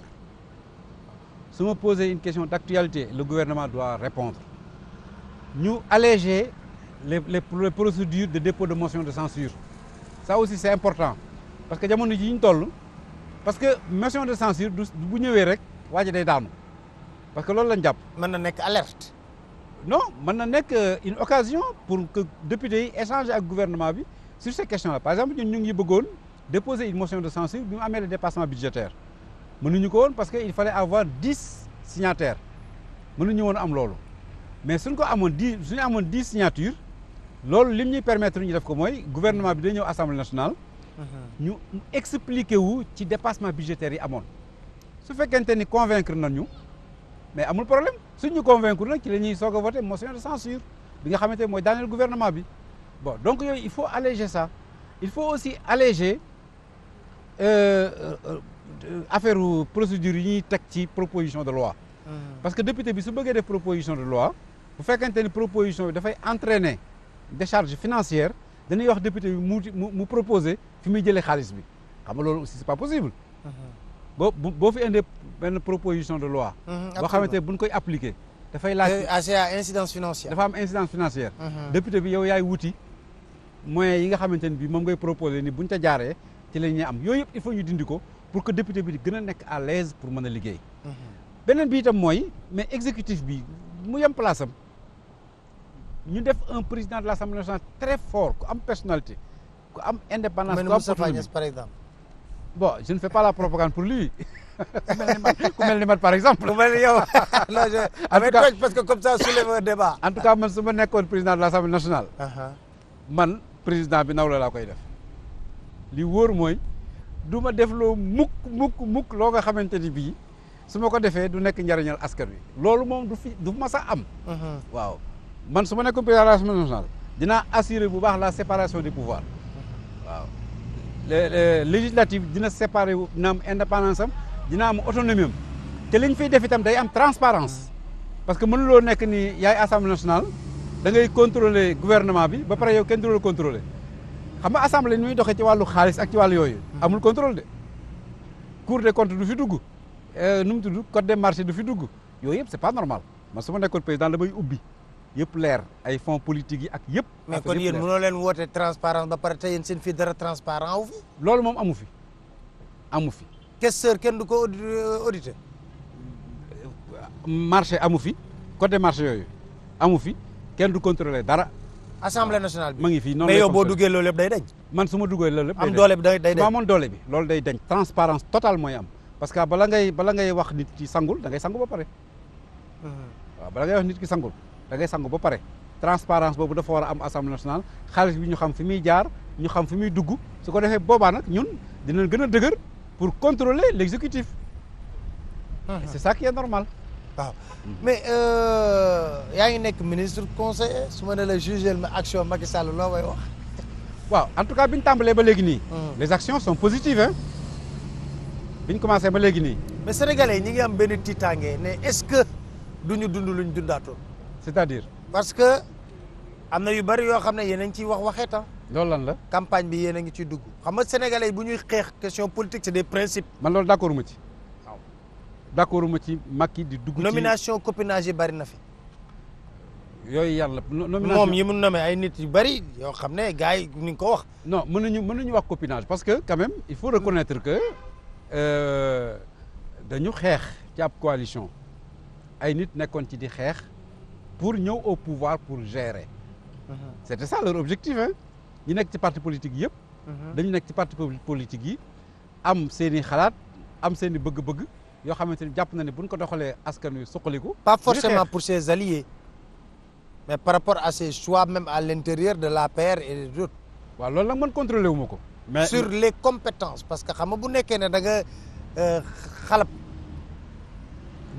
su ma poser une question d'actualité le gouvernement doit répondre ñu alléger les, les les procédures de dépôt de motion de censure ça aussi c'est important parce que jamono ji ñu toll parce que motion de censure du bu ñëwee rek waa ji day daanu parce que loolu lañ jàpp. mën na nekk alerte. non mën na nekk euh, une occasion pour que député yi échanger ak gouvernement bi. sur ces questions-là par exemple ñun ñu ngi bëggoon déposer une motion de censure bi mu amee le dépassement budgétaire ñu ko woon parce que il fallait avoir dix signataires mënuñu woon am loolu mais suñ ko amoon dix suñu amoon dix signatures loolu lim ñuy permettre ñu def ko mooy gouvernement bi day ñëw assemblée nationale. Mhm. ñu expliquer wu ci dépassement budgétaire yi amoon. su fekkente ni na ñu mais amul problème suñu ñu convaincre nag ci la ñuy soog a voté motion de censure bi nga xamante mooy daaneel gouvernement bi. bon donc yooyu il faut alléger ça il faut aussi alléger euh, euh, affaire procédure yi ñuy teg ci proposition de loi mmh. parce que député bi su bëggee de proposition de loi bu fekkente ni proposition bi dafay entraîner décharge financière dañuy wax député bi mu mu proposer fi muy jëlee xaalis bi xam nga loolu aussi c'est pas possible mmh. boo boo fi indee benn proposition de loi mmh, boo xamante ne buñ koy appliquer dafay laaj. ACA euh, incidence financière dafa am incidence financière député bi yow yaay wuti moyens yi nga xamante ne bi moom ngay proposé ni buñ ca jaaree ci la ñuy am yooyu yëpp il faut ñu dindi ko pour que député bi di gën a nekk à pour mën a liggéey mhm. beneen bi tam mooy mais exécutif bi mu yem place am ñu def un président de l'Assemblée nationale très fort ku am personnalité ku am indépendance ku am par exemple bon je ne fais pas la propagande pour lui ku mel ni man par exemple. ku mel ni yow non je. en tout cas parce que comme ça soulève un débat. en man président bi naw la laa koy def li wóor mooy du ma def loo mukk mukk mukk loo nga xamante ni bii su ma ko defee du nekk njariñal askan wi loolu moom du fi du ma sax am mhm. waaw man su ma nekkoon président de l'Assemblée dina dinaa assurer bu baax la séparation des pouvoirs waaw législative dina séparer wu dina am am dina am autonomie am te li fiy def itam day am transparence parce que mënuloo nekk ni yaay assemblée nationale da ngay contrôler gouvernement bi ba pare yow kenn du la contrôler xam nga assemblée ni muy doxee ci wàllu xaalis ak ci wàllu yooyu. Hmm. amul contrôle de. cour des comptes du fi dugg euh, nu mu tudd code des marchés du fi dugg yooyu yëpp c'est pas normal man su ma nekkoon président damay ubbi yëpp leer ay fonds politiques yi ak yëpp. mais kon yéen mënoo leen woote transparence ba pare te yéen seen fi dara transparent wu fi. loolu moom amu fi amu fi. questeur kenn du ko euh, audité. marché amu fi code des yooyu amu fi. kenn du contrôler dara. assemblée nationale bi ma ngi fii noonu boo duggee loolu yëpp day dañ. man su ma duggee loolu yëpp day dañ am doole day dañ su ma amoon doole bi loolu day dañ. transparence totale mooy am parce que bala ngay bala ngay wax nit ki sangul dangay ngay sangu ba pare. Mhm. waaw bala ngay nit ki sangul da sangu ba pare. transparence boobu dafa war a am assemblée nationale xaalis bi ñu xam fi muy jaar ñu xam fu muy dugg su ko defee boobaa nag ñun dina gën a dëgër pour contrôler l'exécutif. Mhm. c'est ça qui est normal. waaw mais euh, yaa ngi nekk ministre conseiller su ma ne la jugeel ma action Macky Sall loo may wax. waaw en tout cas bi ñu tàmbalee ba léegi nii. Hmm. les actions sont positives hein. bi ñu commencé ba léegi nii. mais sénégalais ñi ngi am benn tiitaange ne est-ce que du ñu dund luñ dundaatoon. c'est-à-dire. parce que am na yu bari yoo xam ne yéen a ngi ciy wax waxeet ah. loolu lan la. campagne bi yéen a ngi ciy dugg xam nga sénégalais bu ñuy xeex question politique c'est des principes. man loolu d'accord mu ci. d' accord ma ci Macky di dugg nomination copinage yi bari na fi. yooyu yàlla nomination moom yi mu nommé ay nit yu bari yoo xam ne gars yi ni nga ko wax. non mën nañu wax copinage parce que quand même il faut reconnaître que euh, dañu xeex ci ab coalition ay nit nekkoon ci di xeex pour ñëw au pouvoir pour gérer. Mhm. c' e ça leur objectif hein ñi nekk ci parti politique yëpp. Mhm. dañu nekk ci parti politique yi am seen i xalaat am seen i bëgg-bëgg. yoo xamante ni jàpp na ne buñ ko doxalee askan wi suqaliku. pas forcément pour ses alliés mais par rapport à ses choix même à l'intérieur de l'APR et des autres. waaw loolu nag man contrôlé wu ma ko. mais sur les compétences parce que xam nga bu nekkee ne da nga euh, xalab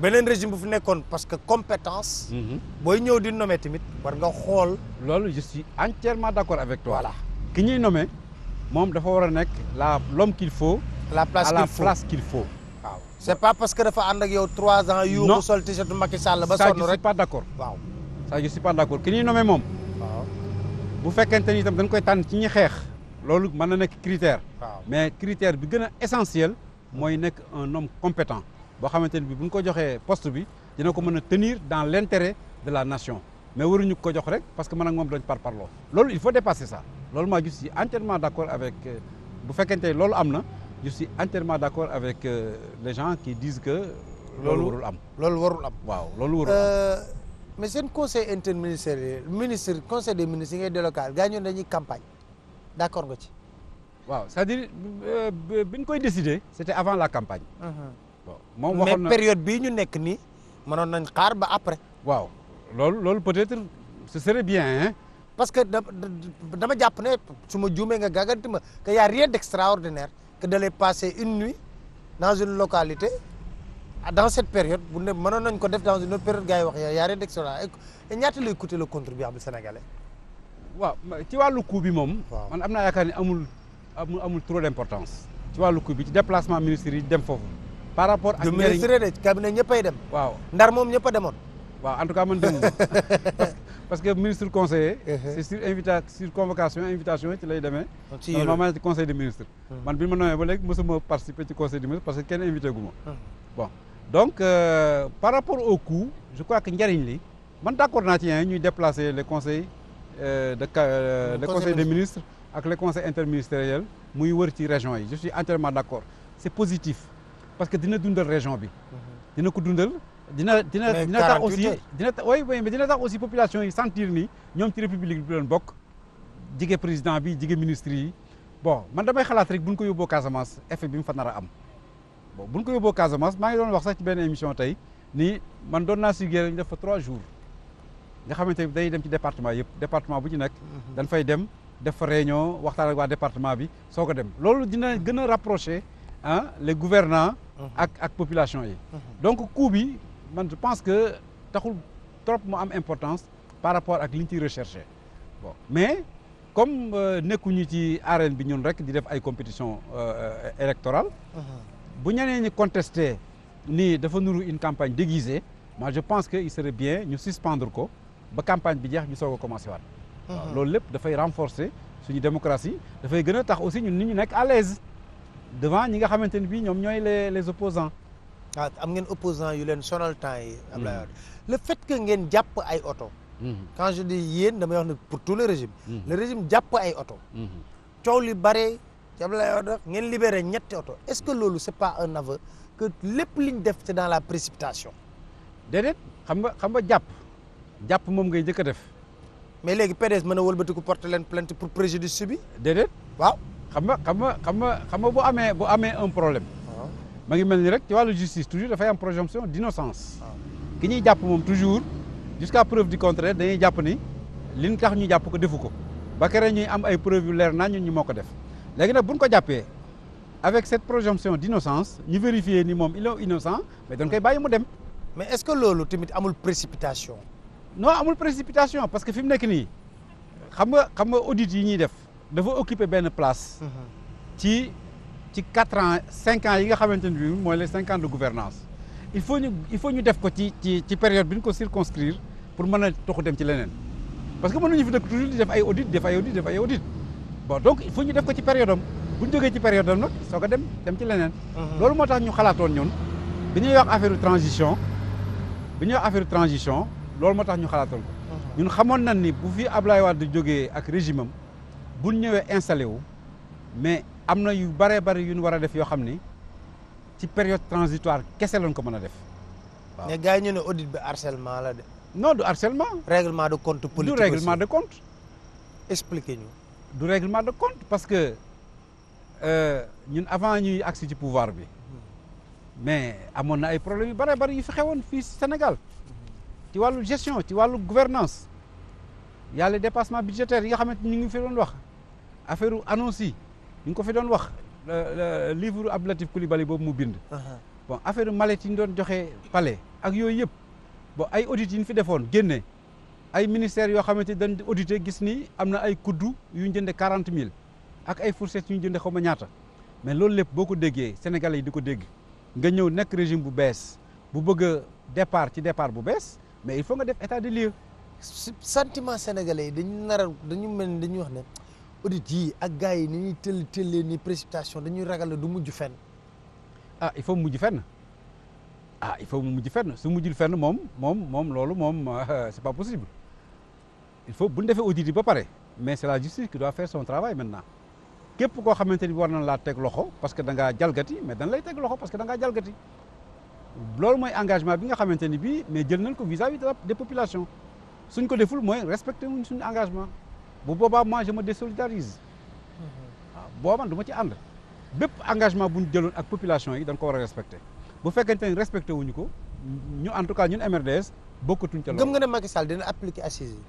beneen régime bu fi nekkoon parce que compétence. Mhm. booy ñëw di nome tamit war nga xool. loolu je suis entièrement d'accord avec toi. voilà ki ñuy nome moom dafa war a nekk la l'homme qu'il la place qu'il faut à c' est pas parce que dafa ànd ak yow trois ans. yu ko sol t-shirt Macky Sall ba sonn rek ça je suis pas d' ki ñuy nommé moom. waaw bu fekkente ni itam dañ koy tànn ci ñi xeex. loolu mën na nekk critère. waaw mais critère bi gën a essentiel. mooy nekk un homme compétent. boo xamante ni bi bu ñu ko joxee post bi dina ko mën a tenir dans l' intérêt de la nation mais waruñu ko jox rek parce que man ak moom dañ par parloo loolu il faut dépasser ça loolu maa gis si entièrement d' accord avec euh, bu fekkente loolu am na. je suis entièrement d'accord avec euh, les gens qui disent que. loolu warul am loolu warul am. waaw loolu warul am. Euh, mais seen conseil interministériel ministre conseil des ministres yi ngay délocal gars ñoon dañuy campagne d'accord nga ci. waaw c'est-à-dire euh, euh, bi ñu koy décider. c'était avant la campagne. Mhm. bon moom waxoon na période bii ñu nekk nii mënoon nañ xaar ba après. waaw loolu loolu peut-être ce serait bien hein. parce que dama jàpp ne su ma juumee nga gàggante ma que y a rien d'extraordinaire. que d'aller passer une nuit dans une localité dans cette période bu ne mënoon nañ ko def dans une autre période gars yi wax y a e d'extraordinaire et ñaata lay coûter le contribuable sénégalais. waaw ci wàllu coût bi moom. man am naa yaakaar ni amul amul amul trop d'importance. ci wàllu coût bi ci déplacement ministres yi dem foofu. par rapport ak njëriñ du ministre de cabinet ñëppay dem. waaw ndar moom ñëpp demoon. waaw en tout cas man dem parce que parce que ministre conseiller. Uh-huh. c'est sur invita convocation invitation ci lay demee. ci normalement ci conseil des ministres. Uh-huh. man bi ma nommee ba léegi mosuma participer ci conseil des ministres parce que kenn invité gu uh-huh. donc euh, par rapport au coût je crois que njariñ li man d'accord naa ci yéen ñuy déplacer les conseils euh, de euh, les conseils des ministres ak les conseils interministériels muy wër ci région yi je suis entièrement d'accord c'est positif parce que dina dundal région bi. dina dina ah, dina dina tax aussi dina tax oui oui mais dina tax aussi population yi sentir ni ñoom ci république bi leen bokk jige président bi jige ministre yi bon man may xalaat rek buñ ko yóbboo Casamance effet bi mu fa nar a am bon buñ ko yóbboo Casamance maa ngi doon wax sax ci benn émission tey nii man doon naa suggéré ñu def fa trois jours nga xamante ni day dem ci département yëpp département bu ci nekk mhm. dañ fay dem def fa réunion waxtaan ak waa département bi soo ko dem loolu dina gën a rapproché ah les gouvernants mhm. ak ak population yi mhm. man je pense que taxul trop mu am importance par rapport ak li ciy recherché bon mais comme euh, nekkuñu ci arène bi ñun rek di def ay compétition euh, électorale uh-huh. bu ñeneen ñi contesté ni dafa nuru une campagne déguisée moi je pense que il serait bien ñu suspendre ko ba campagne bi jeex ñu soog a commencé waat uh-huh. waaw loolu lépp dafay renforcer suñu démocratie dafay gën a tax aussi ñun nit ñu nekk à l'aise devant ñi nga xamante ne bii ñoom ñooy les les opposants ah am ngeen opposant yu leen sonal temps yi. Hmm. le fait que ngeen jàpp ay oto. Hmm. quand je dis yéen damay wax ne pour tout le régime. Hmm. le régime jàpp ay oto. cow li bare ci Abdoulaye Wade ngeen libéré ñetti oto est-ce que loolu c'est pas un aveu que lépp li ñu def c'est dans la précipitation. déedéet xam nga xam nga jàpp jàpp moom ngay njëkk a def. mais léegi PDS mën a wëlbatiku porter leen plainte pour préjudice subi. déedéet waaw xam nga xam nga xam nga xam nga bu amee amee un problème. ma ngi mel ni rek ci wàllu justice toujours dafay am présomption d'innocence ki ñuy jàpp moom toujours jusqu'à preuve du contraire dañuy jàpp ni li ñu tax ñu jàpp ko defu ko ba kere ñuy am ay preuve yu leer naa ñun ñu moo ko def léegi nag buñ ko jàppee avec cette présomption d'innocence ñu vérifier ni moom il est innocent mais dañ koy bàyyi mu dem mais est-ce que loolu tamit amul précipitation no amul précipitation parce que fi mu nekk nii xam nga xam nga audit yi ñuy def dafa occuper benn place mm-hmm. ci ci quatre ans cinq ans yi nga xamante ni bii mooy les cinq ans de gouvernance il faut ñu il faut ñu def ko ci ci ci période bi ñu ko circonscrire pour mën a toxu dem ci leneen parce que mënuñu fi dëkk toujours di def ay audit def ay audit def ay audit bon donc ñu def ko ci période bu ñu jógee ci période am nag soo ko dem dem ci leneen. Mhm. loolu moo tax ñu xalaatoon ñun bi ñuy wax affaire transition bi ñuy wax affaire transition loolu moo tax ñu xalaatool ko. Mhm. ñun xamoon nan ni bu fi Ablaye Wade jógee ak régime am bu ñu ñëwee installé wu am na yu bëree bëri yu ñu war a def yoo xam ni ci période transitoire kese lañ ko mën a def waaw. mais gars yi ñu ne audit bi harcèlement la de. non du harcèlement. règlement de compte politique du règlement de compte. ñu. du règlement de parce que euh, ñun euh, avant ñuy agsi ci pouvoir bi hmm. mais amoon na ay problèmes yu bëree bëri yu fi xewoon fii Sénégal ci wàllu gestion ci wàllu gouvernance y a les dépassements yi nga xamante ni ñu ngi fi doon wax affaire annonce yi. ñu ko fi doon wax livre Abdou Latif Coulibaly boobu mu bind uh-huh. bon affaire mallette yi ñu doon joxe pale ak yooyu yëpp bon ay audit yi ñu fi defoon génne ay ministères yoo xamante dañ audité gis ni am na ay kuddu yu ñu jënde quarante mille ak ay fourchette yu ñu jënde xaw ma ñaata mais loolu lépp boo ko déggee sénégalais yi di ko dégg nga ñëw nekk régime bu bees bu bëgg a départ ci départ bu bees mais il faut nga def état des lieux sentiment sénégalais yi dañu naral dañu mel ni dañuy wax ne audit yi ak gars yi ni ñuy tëll tëllee ni précipitation dañuy ragal du mujj fen ah il faut mu mujj fenn ah il faut mu mujj fenn su mujjul fenn moom moom moom loolu moom c'est pas possible il faut bu ñu defee audit yi ba pare mais c'est la justice qui doit faire son travail maintenant képp koo xamante ni war na laa teg loxo parce que da ngaa jalgati mais dañ lay teg loxo parce que da ngaa jalgati loolu mooy engagement bi nga xamante ni bii mais jël nañ ko vis-à-vis des populations suñ ko deful mooy respecté wuñ suñu engagement. bu boobaa moi je me désolidarise waaw mm-hmm. ah, booba du ma ci ànd bépp engagement bu ñu jëloon ak population yi dañ ko war a respecté bu fekkente ne respecté wuñu ko ñu en tout cas ñun MRDS bokkatuñ ca loolu. gëm nga ne Macky Sall dina appliquer assises yi.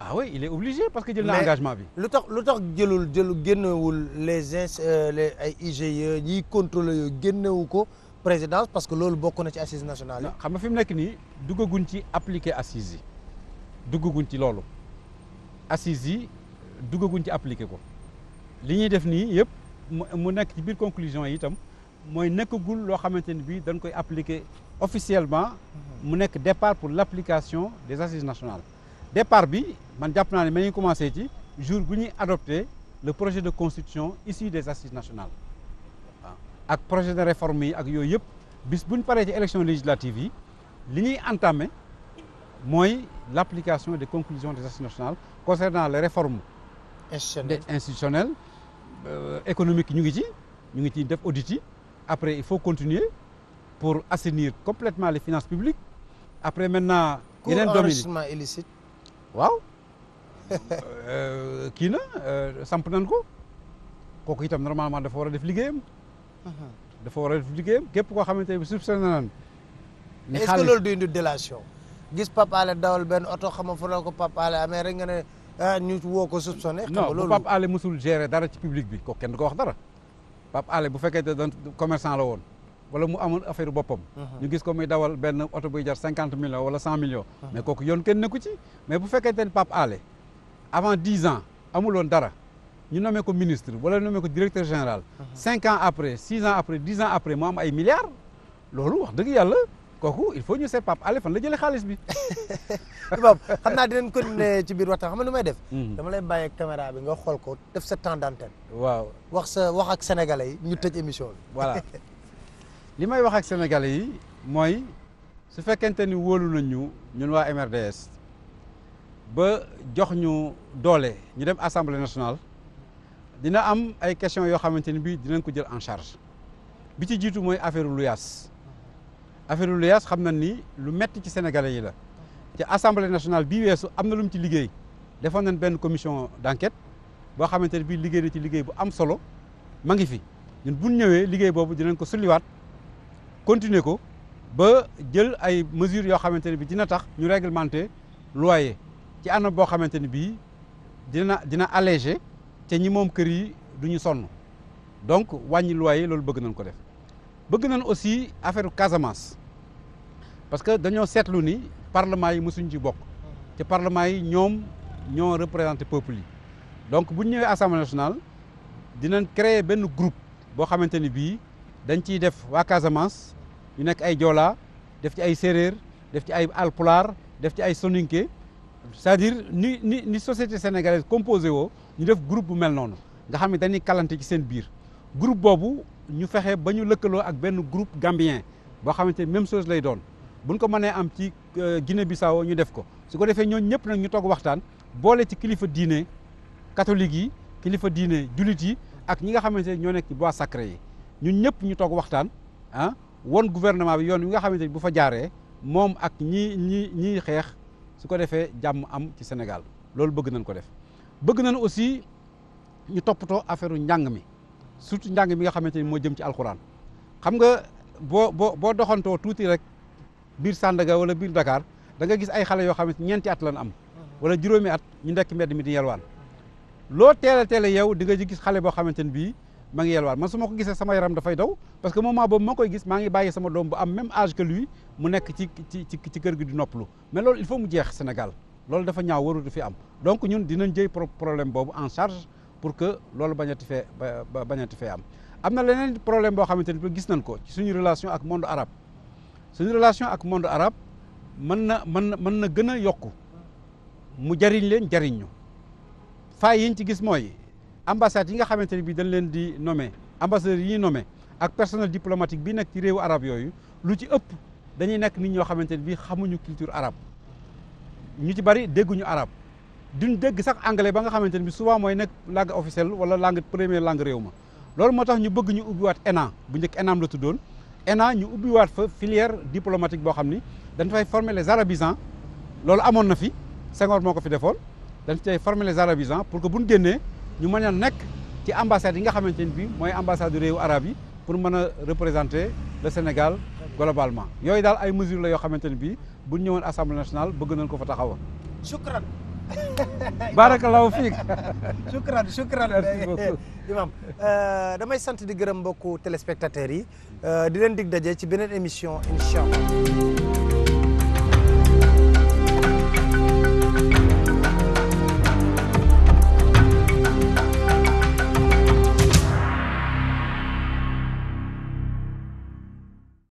ah oui il est obligé parce que jël na engagement bi. lu tax lu tax jëlul jëlu génnewul les ins euh, les ay IGE ñiy contrôler yooyu génnewu ko présidence parce que loolu bokk na ci assises nationales yi. xam nga fi mu nekk nii duggaguñ ci appliquer assises yi duggaguñ ci loolu. assises yi duggaguñ ci appliqué ko li ñuy def nii yëpp mu nekk ci biir conclusion yi itam mooy nekkagul loo xamante ni bii dañ koy appliqué officiellement mhm. mu nekk départ pour l' application des assises nationales départ bi man jàpp naa ne ma ñuy commencé ci jour bu ñuy adopté le projet de constitution issu des assises nationales waaw ak projet de réforme yi ak yooyu yëpp bis bu ñu paree ci élection législative yi li ñuy entamé mooy lapplication de des conclusions des concernant les réformes institutionnelles euh, économiques ñu ngi ci ñu ngi ci def audit après il faut continuer pour assainir complètement les finances publiques après maintenant yeneen domaine enrichissement waaw euh, kii na euh, samp nan ko kooku itam normalement dafa war a def liggéeyam uh-huh. dafa war a def liggéeyam képp koo xamante ne soupçonné nan mais est gis Pape Alé dawal oto xam nga fu amee rek Ah, ñu woo ko soupçonné. xam nga loolu non Pape dara ci public bi ko kenn du ko dara Pape Alé bu fekkee ne doon la woon wala mu amoon affaire boppam. Mhm. ñu gis ko muy dawal benn oto buy jar cinquante millions wala cent millions. Mhm. mais kooku yoon kenn nekku ci mais bu fekkee ne Pape avant dix ans amuloon dara. ñu nommé ko ministre wala nommé ko directeur général. Mhm. cinq ans après six ans après dix ans après mu am ay milliards. loolu wax dëgg yàlla. kooku il faut ñu seet Pape Alé fan la jëlee xaalis bi. Imaam xam naa dinañ ko ne ci biir waxtaan xam nga nu may def. Hmm. dama lay bàyyi caméra bi nga xool ko def sa temps d'antenne. waaw wax sa wax ak sénégalais yi ñu tëj émission bi. voilà li may wax ak sénégalais yi mooy su fekkente ni wóolu nañ ñu ñun waa MRDS ba jox ñu doole ñu dem assemblée nationale dina am ay questions yoo xamante ni bii dinañ ko jël en charge bi ci jiitu mooy affaire lu affaire lu yaas xam na ni lu metti ci sénégalais yi la ci assemblée nationale bi weesu am na lu ci liggéey defoon nañ benn commission d'enquête boo xamante ne bii liggéey na ci liggéey bu am solo ma ngi fi ñun bu ñëwee liggéey boobu dinañ ko sulliwaat continuer ko ba jël ay mesures yoo xamante ne bi dina tax ñu réglementer loyer ci anam boo xamante ne bii dina dina alléger te ñi moom kër yi du ñu sonn donc wàññi loyer loolu bëgg nañ ko def bëgg nañ aussi affaire Casamance parce que dañoo seetlu ni parlement yi mosuñ ci bokk te parlement yi ñoom ñoo représenté peuple yi donc bu ñu ñëwee assemblée nationale dinañ créer benn groupe boo xamante ni bii dañ ciy def waa Casamance ñu nekk ay Joola def ci ay séréer def ci ay alpulaar def ci ay soninke c'est-à-dire ni ni ni société sénégalaise composé woo ñu def groupe bu mel noonu nga xam ni dañuy kalante ci seen biir groupe boobu ñu fexe ba ñu lëkkaloo ak benn groupe gambien boo xamante même chose lay doon buñ ko mënee am ci euh, Guinée Bissau ñu def ko su ko defee ñooñu ñëpp nag ñu toog waxtaan boole ci kilifa diine catholique yi kilifa diine jullit yi ak ñi nga xamante ne ñoo nekk ci bois sacré yi ñun ñëpp ñu toog waxtaan ah won gouvernement bi yoon wi nga xamante ne bu fa jaaree moom ak ñi ñi ñiy xeex su ko defee jàmm am ci Sénégal loolu bëgg nañ ko def bëgg nañ aussi ñu toppatoo affaire njàng mi surtout njàng mi nga xamante ni moo jëm ci alxuraan xam nga boo boo boo doxantoo tuuti rek biir Sandaga wala biir dakaar da nga gis ay xale yoo xam ne ñeenti at lan am wala juróomi at ñu nekk mbedd mi di yelwaan loo teel a teel a yow di nga gis xale boo xamante ne bii ma ngi ma ko gisee sama yaram dafay daw parce que moment boobu ma koy gis maa ngi bàyyi sama doom bu am même âge que lui mu nekk ci ci kër gi di noppalu mais loolu il faut mu jeex Sénégal loolu dafa ñaaw warul du am donc ñun dinañ jëy problème boobu en charge pour que loolu bañati fee bañati fee am am na leneen problème boo xamante ne bi gis nañ ko ci suñu relation ak monde arabe suñu relation ak monde arab mën na mën na mën na gën a yokku mu jariñ leen jariñ ñu yi ñu ci gis mooy ambassade yi nga xamante ne bii dañ leen di nommé ambassadeurs yi ñuy ak personnel diplomatique bi nekk ci réew arab yooyu lu ci ëpp dañuy nekk nit ñoo xamante ne bii xamuñu culture arab ñu ci bari dégguñu arab duñ dégg sax anglais ba nga xamante ne bii souvent mooy nekk langue officielle wala langue première langue réew ma loolu moo tax ñu bëgg ñu ubbiwaat ENA bu njëkk ENAM la tuddoon ENA ñu ubbiwaat fa filière diplomatique boo xam ni dañ fay former le arabisans loolu amoon na fi Senghor moo ko fi defoon dañ fay former les arabisans pour que bu ñu génnee ñu mën a nekk ci ambassades yi nga xamante ni bii mooy ambassade réewu arabe yi pour mën a représenter le Sénégal globalement yooyu daal ay mesures la yoo xamante ni bii bu ñu ñëwoon assemblée nationale bëgg nañ ko fa taxawal. shukran. barakallahu fiik shukran shukran imam euh, damay sant di gërëm mbokku téléspectateurs yi. Euh, di leen dig daje ci beneen émission incha